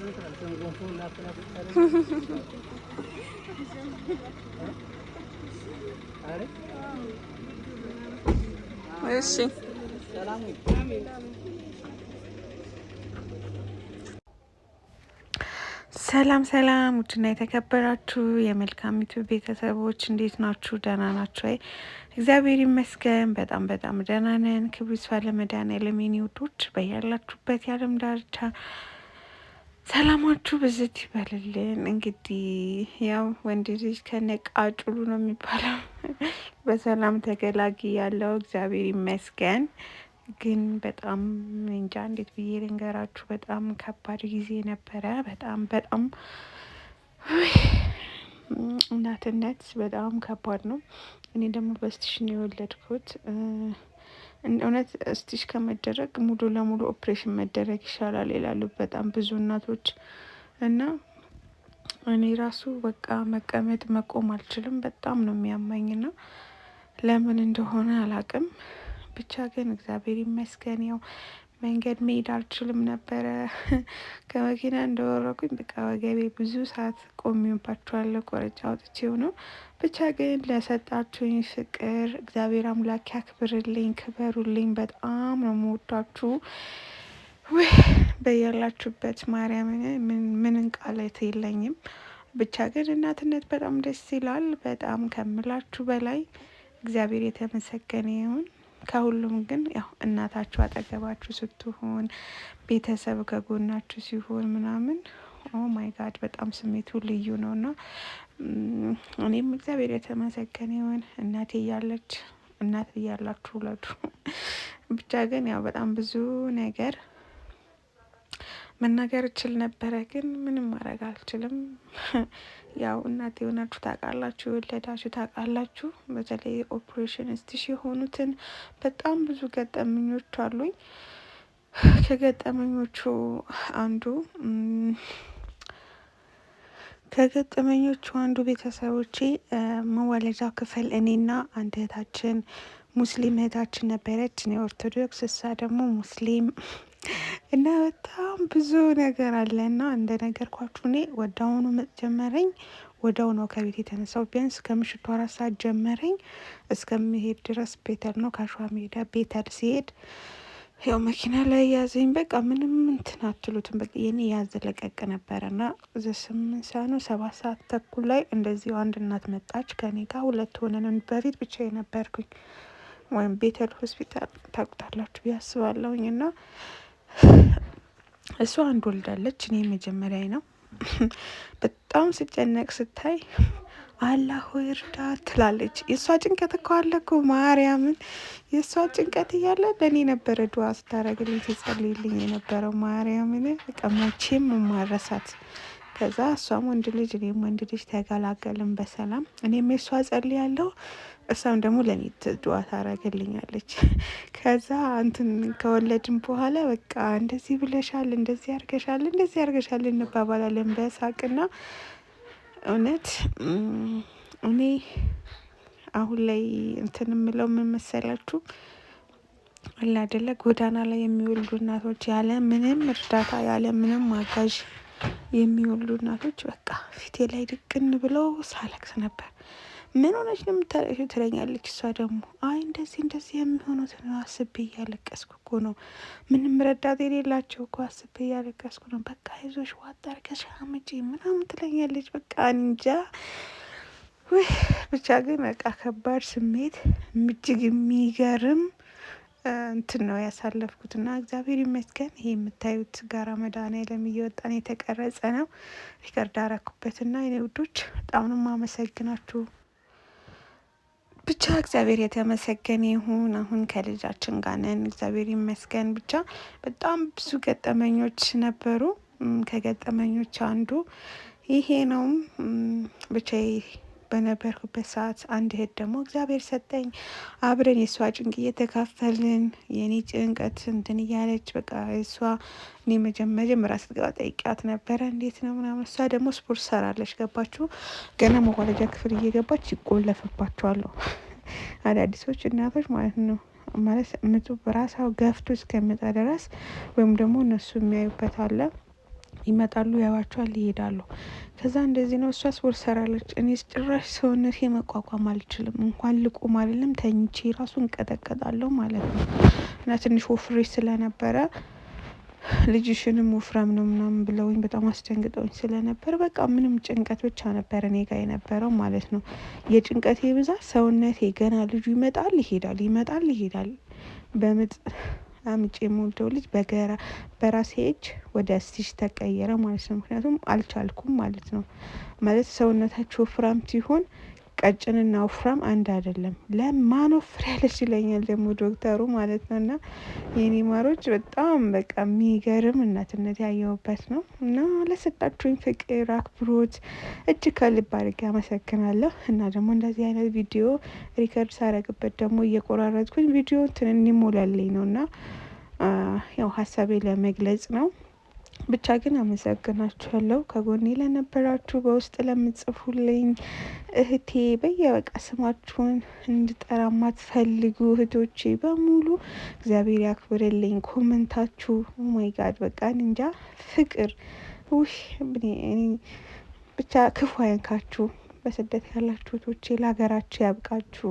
እሺ ሰላም ሰላም፣ ውድና የተከበራችሁ የመልካም ዩቱብ ቤተሰቦች እንዴት ናችሁ? ደህና ናችሁ ወይ? እግዚአብሔር ይመስገን በጣም በጣም ደህና ነን። ክብሩ ይስፋ ለመድኃኔዓለም የኔ ውዶች፣ በያላችሁበት የዓለም ዳርቻ ሰላማችሁ ብዝት ይበልልን። እንግዲህ ያው ወንድ ልጅ ከነቃጭሉ ነው የሚባለው። በሰላም ተገላጊ ያለው እግዚአብሔር ይመስገን። ግን በጣም እንጃ እንዴት ብዬ ልንገራችሁ። በጣም ከባድ ጊዜ ነበረ። በጣም በጣም እናትነት በጣም ከባድ ነው። እኔ ደግሞ በስቲሽን የወለድኩት። እውነት እስቲሽ ከመደረግ ሙሉ ለሙሉ ኦፕሬሽን መደረግ ይሻላል ይላሉ በጣም ብዙ እናቶች። እና እኔ ራሱ በቃ መቀመጥ መቆም አልችልም፣ በጣም ነው ና ለምን እንደሆነ አላቅም። ብቻ ግን እግዚአብሔር ይመስገን ያው መንገድ መሄድ አልችልም ነበረ። ከመኪና እንደወረኩኝ በቃ ወገቤ ብዙ ሰዓት ቆሚባቸዋለሁ ቆርጬ አውጥቼው ነው። ብቻ ግን ለሰጣችሁኝ ፍቅር እግዚአብሔር አምላክ ያክብርልኝ፣ ክበሩልኝ። በጣም ነው የምወዳችሁ። ውህ በያላችሁበት ማርያምን ምንን ቃላት የለኝም። ብቻ ግን እናትነት በጣም ደስ ይላል። በጣም ከምላችሁ በላይ እግዚአብሔር የተመሰገነ ይሁን። ከሁሉም ግን ያው እናታችሁ አጠገባችሁ ስትሆን ቤተሰብ ከጎናችሁ ሲሆን ምናምን ኦ ማይ ጋድ በጣም ስሜቱ ልዩ ነው እና እኔም እግዚአብሔር የተመሰገነ ይሁን እናቴ እያለች እናት እያላችሁ ሁለቱ ብቻ ግን ያው በጣም ብዙ ነገር መናገር እችል ነበረ፣ ግን ምንም ማድረግ አልችልም። ያው እናት የሆናችሁ ታውቃላችሁ፣ የወለዳችሁ ታውቃላችሁ። በተለይ ኦፕሬሽን ስትሽ የሆኑትን በጣም ብዙ ገጠመኞች አሉኝ። ከገጠመኞቹ አንዱ ከገጠመኞቹ አንዱ ቤተሰቦቼ መወለጃ ክፍል እኔና አንድ እህታችን ሙስሊም እህታችን ነበረች። እኔ ኦርቶዶክስ፣ እሷ ደግሞ ሙስሊም እና በጣም ብዙ ነገር አለ እና እንደ ነገርኳችሁ እኔ ወዳውኑ ምጥ ጀመረኝ። ወዳው ነው ከቤት የተነሳው። ቢያንስ ከምሽቱ አራት ሰዓት ጀመረኝ እስከምሄድ ድረስ ቤተል ነው ከሸዋ ሜዳ ቤተል ሲሄድ ያው መኪና ላይ ያዘኝ። በቃ ምንም እንትን አትሉትም። በቃ የኔ ያዘለቀቅ ነበረ እና ዘ ስምንት ሰዓት ነው ሰባት ሰዓት ተኩል ላይ እንደዚሁ አንድ እናት መጣች ከኔ ጋር ሁለት ሆነን። በፊት ብቻ የነበርኩኝ ወይም ቤተል ሆስፒታል ታውቁታላችሁ ብዬ እና እሷ አንድ ወልዳለች፣ እኔ መጀመሪያ ነው። በጣም ስጨነቅ ስታይ አላህ ሆይ እርዳ ትላለች። የእሷ ጭንቀት እኮ ማርያምን፣ የእሷ ጭንቀት እያለ ለእኔ ነበረ ድዋ ስታረግልኝ ትጸልይልኝ የነበረው ማርያምን፣ በቃ መቼም ማረሳት። ከዛ እሷም ወንድ ልጅ እኔም ወንድ ልጅ ተገላገልን በሰላም። እኔም የእሷ ጸልያለሁ እሷም ደግሞ ለእኔ ድዋ ታረገልኛለች። ከዛ እንትን ከወለድን በኋላ በቃ እንደዚህ ብለሻል፣ እንደዚህ ያርገሻል፣ እንደዚህ ያርገሻል እንባባላለን በሳቅና እውነት እኔ አሁን ላይ እንትን የምለው ምን መሰላችሁ አለ አይደለ ጎዳና ላይ የሚወልዱ እናቶች ያለ ምንም እርዳታ ያለ ምንም አጋዥ የሚወልዱ እናቶች በቃ ፊቴ ላይ ድቅን ብለው ሳለቅስ ነበር። ምን ሆነች ነው የምታለቅሽው? ትለኛለች እሷ ደግሞ አይ እንደዚህ እንደዚህ የሚሆኑትን አስቤ እያለቀስኩ እኮ ነው። ምንም ረዳት የሌላቸው እኮ አስቤ እያለቀስኩ ነው። በቃ ይዞሽ ዋጣ አድርገሽ አምጪ ምናምን ትለኛለች። በቃ እንጃ ብቻ ግን በቃ ከባድ ስሜት እጅግ የሚገርም እንትን ነው ያሳለፍኩት እና እግዚአብሔር ይመስገን። ይሄ የምታዩት ጋራ መድኃኒዓለም እየወጣን የተቀረጸ ነው። ሪከርድ አረኩበት እና የኔ ውዶች በጣም ነው የማመሰግናችሁ። ብቻ እግዚአብሔር የተመሰገነ ይሁን። አሁን ከልጃችን ጋር ነን፣ እግዚአብሔር ይመስገን። ብቻ በጣም ብዙ ገጠመኞች ነበሩ። ከገጠመኞች አንዱ ይሄ ነው ብቻ በነበርኩበት ሰዓት አንድ እህት ደግሞ እግዚአብሔር ሰጠኝ። አብረን የእሷ ጭንቅ እየተካፈልን የኔ ጭንቀት እንትን እያለች በቃ የእሷ እኔ መጀመሪያ ስትገባ ጠይቂያት ነበረ እንዴት ነው ምናምን። እሷ ደግሞ ስፖርት ሰራለች። ገባችሁ? ገና መዋለጃ ክፍል እየገባች ይቆለፍባቸዋሉ አዳዲሶች እናቶች ማለት ነው ማለት ምጡ በራሳው ገፍቶ እስከሚመጣ ድረስ ወይም ደግሞ እነሱ የሚያዩበት አለ ይመጣሉ፣ ያዩዋቸዋል፣ ይሄዳሉ። ከዛ እንደዚህ ነው። እሷ ስፖርት ሰራለች። እኔስ ጭራሽ ሰውነት መቋቋም አልችልም። እንኳን ልቁም አይደለም ተኝቼ ራሱ እንቀጠቀጣለሁ ማለት ነው። እና ትንሽ ወፍሬ ስለነበረ ልጅሽንም ወፍረም ነው ምናምን ብለውኝ በጣም አስደንግጠውኝ ስለነበር በቃ ምንም ጭንቀት ብቻ ነበር እኔ ጋር የነበረው ማለት ነው። የጭንቀቴ ብዛት ሰውነቴ ገና ልጁ ይመጣል ይሄዳል፣ ይመጣል ይሄዳል በምጥ አምጪ የምወልደው ልጅ በገራ በራሴ እጅ ወደ ስቲች ተቀየረ ማለት ነው። ምክንያቱም አልቻልኩም ማለት ነው። ማለት ሰውነታቸው ወፍራም ሲሆን ቀጭንና ወፍራም አንድ አይደለም። ለማን ያለች ይለኛል ደግሞ ዶክተሩ ማለት ነው። እና የኔ ማሮች በጣም በቃ የሚገርም እናትነት ያየውበት ነው እና ለሰጣችሁኝ ፍቅር፣ አክብሮት እጅግ ከልብ አድርጌ አመሰግናለሁ። እና ደግሞ እንደዚህ አይነት ቪዲዮ ሪከርድ ሳረግበት ደግሞ እየቆራረጥኩኝ ቪዲዮ እንትን እንዲሞላልኝ ነው እና ያው ሀሳቤ ለመግለጽ ነው። ብቻ ግን አመሰግናችኋለሁ። ከጎኔ ለነበራችሁ፣ በውስጥ ለምጽፉልኝ እህቴ በየበቃ ስማችሁን እንድጠራ ማትፈልጉ እህቶቼ በሙሉ እግዚአብሔር ያክብርልኝ። ኮመንታችሁ ማይ ጋድ በቃ እንጃ ፍቅር ውሽ ብቻ ክፉ አይንካችሁ። በስደት ያላችሁ እህቶቼ ለሀገራችሁ ያብቃችሁ።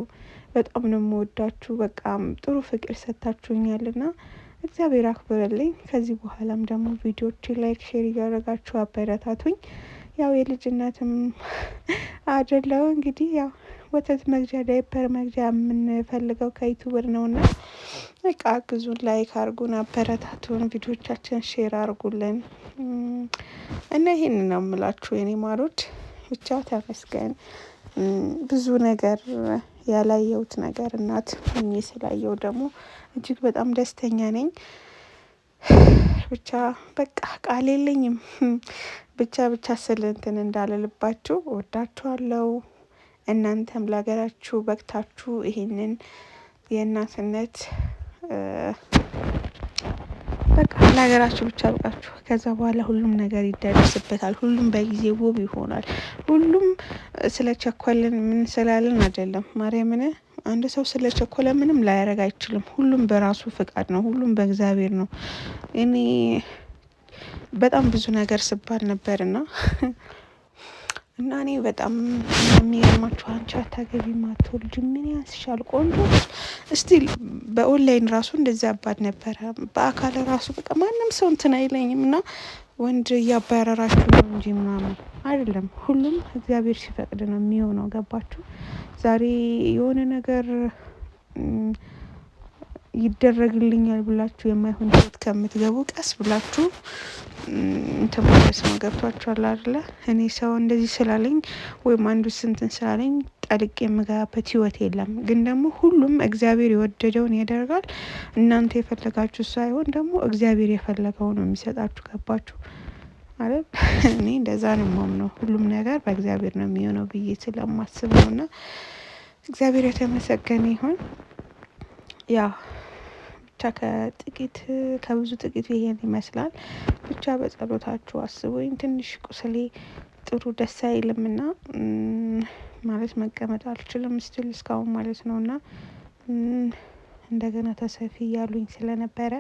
በጣም ነው የምወዳችሁ። በቃም ጥሩ ፍቅር ሰጥታችሁኛልና እግዚአብሔር አክብርልኝ። ከዚህ በኋላም ደግሞ ቪዲዮች ላይክ፣ ሼር እያደረጋችሁ አበረታቱኝ። ያው የልጅነትም አደለው እንግዲህ ያው ወተት መግዣ፣ ዳይፐር መግዣ የምንፈልገው ከዩቱበር ነውና በቃ ግዙን፣ ላይክ አርጉን፣ አበረታቱን፣ ቪዲዮቻችን ሼር አርጉልን እና ይህን ነው የምላችሁ የኔ ማሮች። ብቻ ተመስገን ብዙ ነገር ያላየሁት ነገር እናት ሆኜ ስላየው ደግሞ እጅግ በጣም ደስተኛ ነኝ። ብቻ በቃ ቃል የለኝም። ብቻ ብቻ ስል እንትን እንዳልልባችሁ ወዳችኋለሁ። እናንተም ለሀገራችሁ በግታችሁ ይሄንን የእናትነት በቃ ለሀገራችሁ ብቻ አብቃችሁ። ከዛ በኋላ ሁሉም ነገር ይደርስበታል። ሁሉም በጊዜ ውብ ይሆናል። ሁሉም ስለ ቸኮልን ምን ስላለን አይደለም። ማርያምን አንድ ሰው ስለ ቸኮለ ምንም ላያደርግ አይችልም። ሁሉም በራሱ ፍቃድ ነው። ሁሉም በእግዚአብሔር ነው። እኔ በጣም ብዙ ነገር ስባል ነበር እና እኔ በጣም የሚገርማችሁ አንቺ አታገቢ አትወልጂም ምን ያስሻል? ቆንጆ ስቲል በኦንላይን ራሱ እንደዚያ አባድ ነበረ በአካል ራሱ በቃ ማንም ሰው እንትን አይለኝም እና ወንድ እያባረራችሁ ነው እንጂ ምናምን አይደለም ሁሉም እግዚአብሔር ሲፈቅድ ነው የሚሆነው ገባችሁ ዛሬ የሆነ ነገር ይደረግልኛል ብላችሁ የማይሆን ህይወት ከምትገቡ ቀስ ብላችሁ ነው። ገብቷችኋል አይደለ? እኔ ሰው እንደዚህ ስላለኝ ወይም አንዱ ስንትን ስላለኝ ጠልቅ የምገባበት ህይወት የለም። ግን ደግሞ ሁሉም እግዚአብሔር የወደደውን ያደርጋል። እናንተ የፈለጋችሁ ሳይሆን ደግሞ እግዚአብሔር የፈለገው ነው የሚሰጣችሁ። ገባችሁ ማለት እኔ እንደዛ ነው የማምነው። ሁሉም ነገር በእግዚአብሔር ነው የሚሆነው ብዬ ስለማስብ ነው። እና እግዚአብሔር የተመሰገነ ይሁን ያው ብቻ ከጥቂት ከብዙ ጥቂት ይሄን ይመስላል። ብቻ በጸሎታችሁ አስቡኝ። ትንሽ ቁስሌ ጥሩ ደስ አይልምና ማለት መቀመጥ አልችልም ስትል እስካሁን ማለት ነው እና እንደገና ተሰፊ እያሉኝ ስለነበረ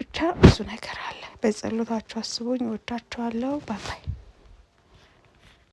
ብቻ ብዙ ነገር አለ። በጸሎታችሁ አስቡኝ። ወዳችኋለሁ። ባባይ